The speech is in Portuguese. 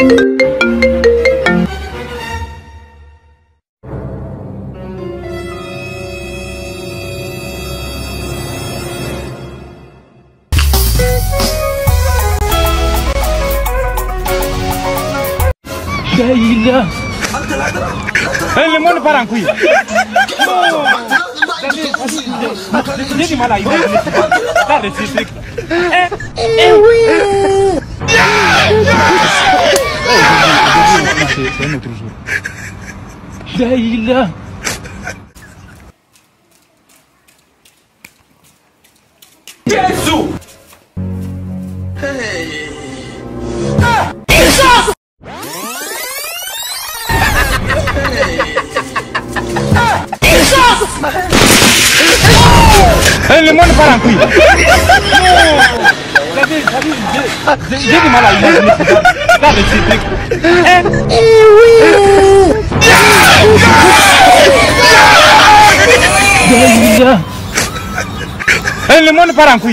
ele Eh, lemon barang kui. Jadi malah ini. Dari sisi. Şey, sen oturursun. La Jesus! Jesus! Ele manda para aqui. Vieni mal aí, Guarda esse trick. Ele manda para aqui.